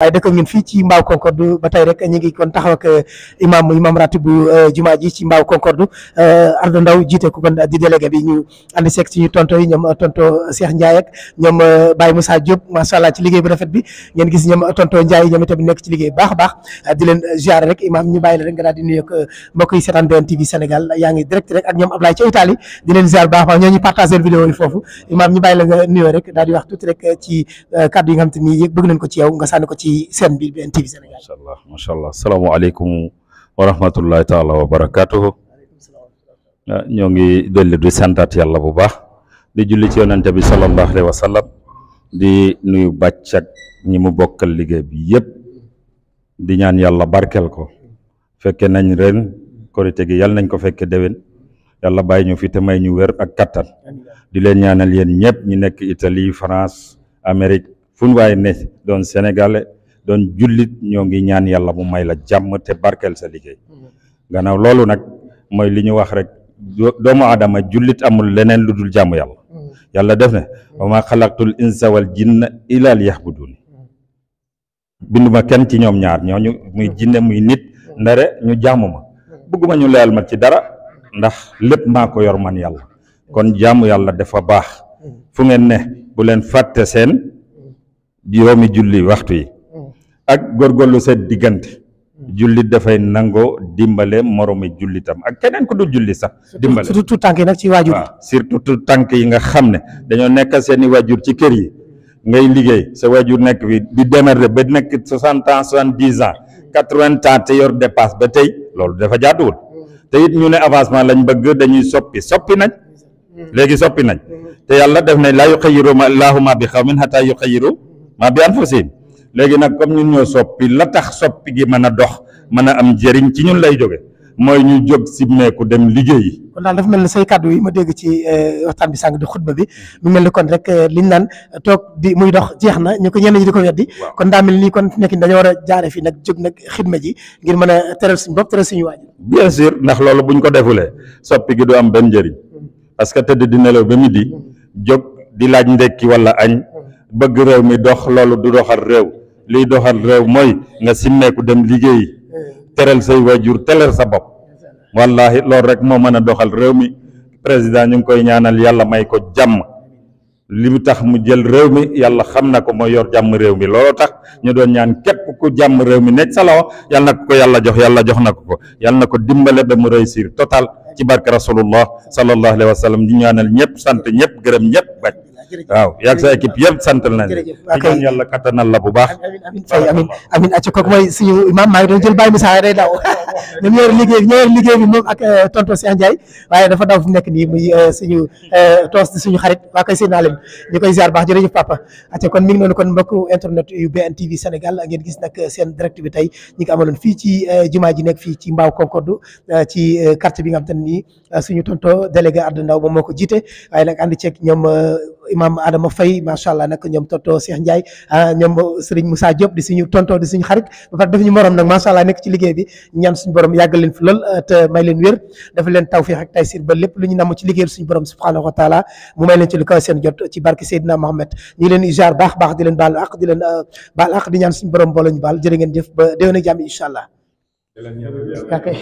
waaye dëkk ngeen fi ci mbaw Concorde batay rek ñi ngi kon taxaw ak eh, imam imam Ratibu eh, juma ji ci mbaaw Concorde eh, Ardo Ndaw jité ko kon di délégué bi ñu andi seeg ci tonto yi ñom tonto Cheikh ndjay ak ñom Baye Moussa Diop sha allah ci liggéey bu rafet bi ngeen gis ñom tonto ndjay ñom itam nekk ci liggéey bax a di len ziar rek imam ñu bàyyi la rek nga daal di nuyu ak mbokk yi ben TV Sénégal ya ngi direct rek ak ñom ablay ci italy di len ziar bax a ñoo ñu vidéo yi fofu imam ñu bàyyi la nga nuyu rek daal di wax tout rek ci kàddu yi nga xamni bëgg nañ ko ci yow nga sànni ko ci ci sen bi BNTV Sénégal. macha allah macha allah alaykum wa rahmatullahi taala wa barakatuh ñoo ngi dolli di santat yalla bu baax di julli ci yonante bi sallallahu alayhi wa sallam di nuyu bàcc ak ñi mu bokkal liggéey bi yeb di ñaan yalla barkel ko fekke nañ ren korite gi yalla nañ ko fekke dewen yalla bay ñu fi te may ñu wër ak katan di leen ñaanal yeen ñepp ñi nek italy France amerique fu way ne doon Sénégalais Don julit ñoo ngi ñaan yalla mu may la jamm te barkel sa liggéey ganaw lolu nak moy liñu wax rek doomu adama julit amul leneen luddul jamm yalla yalla def ne wa ma insa wal jinna illa liyahbuduni binduma kenn ci ñom ñaar ñooñu muy jinne muy nit ndare ñu jamuma ma bëgguma ñu leyal ma ci dara ndax lepp mako yor man yalla kon jamu yalla dafa bax fu ngeen ne bu leen fàtte seen juróomi julli waxtu yi ak góorgóorlu digante diggante da fay nango dimbalé moromi jullitam ak kenen ko dul julli sax dimbale surtout tout tanki nak ci wajur surtout tànk yi nga xamné daño nek seni wajur ci kër yi ngay liggéey sa wajur nek bi di démarrer ba nek 60 ans 70 ans 80 ans te yor dépasse ba tay lolou dafa jaaduwul te yit ñu né avancement lañ bëgg dañuy soppi soppi nañ légui soppi nañ te yalla def né la yukhayyiru ma llaahu bi khawmin hatta yukhayyiru ma bi anfusihim léegi nag comme ñun ñoo soppi la tax soppi gi mën a dox mën a am njëriñ ci ñun lay jóge mooy ñu jóg simmeeku dem liggéey kon daal mel ni say kàddu yi ma dégg ci eh, waxtaan bi sàng di xutba bi mu mel ni kon rek eh, liñ naan toog di muy dox jeex na ñu ko ñenn ñi di ko weddi. kon daa mel ni kon nekki dañoo war a jaare fii nag jóg nag xidma ji ngir mën a teral suñu bopp teral suñu waajur. bien ndax loolu buñ ko defulee soppi du am benn njëriñ parce que tëdd di nelaw ba midi jóg di laaj ndekki wala añ bëgg réew mi dox loolu du doxal réew. lii doxal réew mooy nga simmeeku dem liggéeyi eh. teral say waajur teral sa bopp wallahi loolu rek moo mën a doxal réew mi président ñu ngi koy ñaanal yàlla may ko jàmm li mu tax mu jël réew mi yàlla xam na ko mooy yor jàmm réew mi looloo tax ñu doon ñaan képp ku jàmm réew mi nekk sa loxo yàlla na ko ko yàlla jox yàlla jox na ko ko yàlla na ko dimbale ba mu réussir total ci barke rasulullah sallallahu alayhi wa sallam ñu ñaanal ñëpp sant ñëpp gërëm ñëpp bañ waaw yaag sa équipe yëpp santal nañ la bu baax amin fay amin amin acca kooku mooy suñu imam maa ngi doon jël bàyyi misaa day daw ñoom ñoo yor liggéey ñoo yor liggéey bi moom ak euh, tonton Cheikh Ndiaye waaye dafa daw fu nekk nii muy euh, suñu euh, toos koy seen naa leen ñu fii ci jumaa ji nekk fii ci mbaaw Concorde ci quartier bi nga xam te ne nii suñu tonto délégué Adda Ndaw moom moo ko jiite waaye nag ànd ceeg ñoom imam Adama Faye macha allah nag ñoom tonto Cheikh Ndiaye ah, ñoom Serigne Moussa Diop di suñu tonto di suñu xarit ba pare def ñu morom nag macha allah nekk ci liggéey bi ñaan suñu borom yàggal leen fi lool ah, te may leen wér dafa leen tawfiq ak taysir ba lépp lu ñu namm ci liggéey suñu borom subhanahu wa taala mu may leen ci lu kaw seen jot ci barke Seydina ñu leen ijaar baax baax di leen ah, baal àq di ñaan suñu borom boole ñu baal jërë ngeen jëf ba déwén ak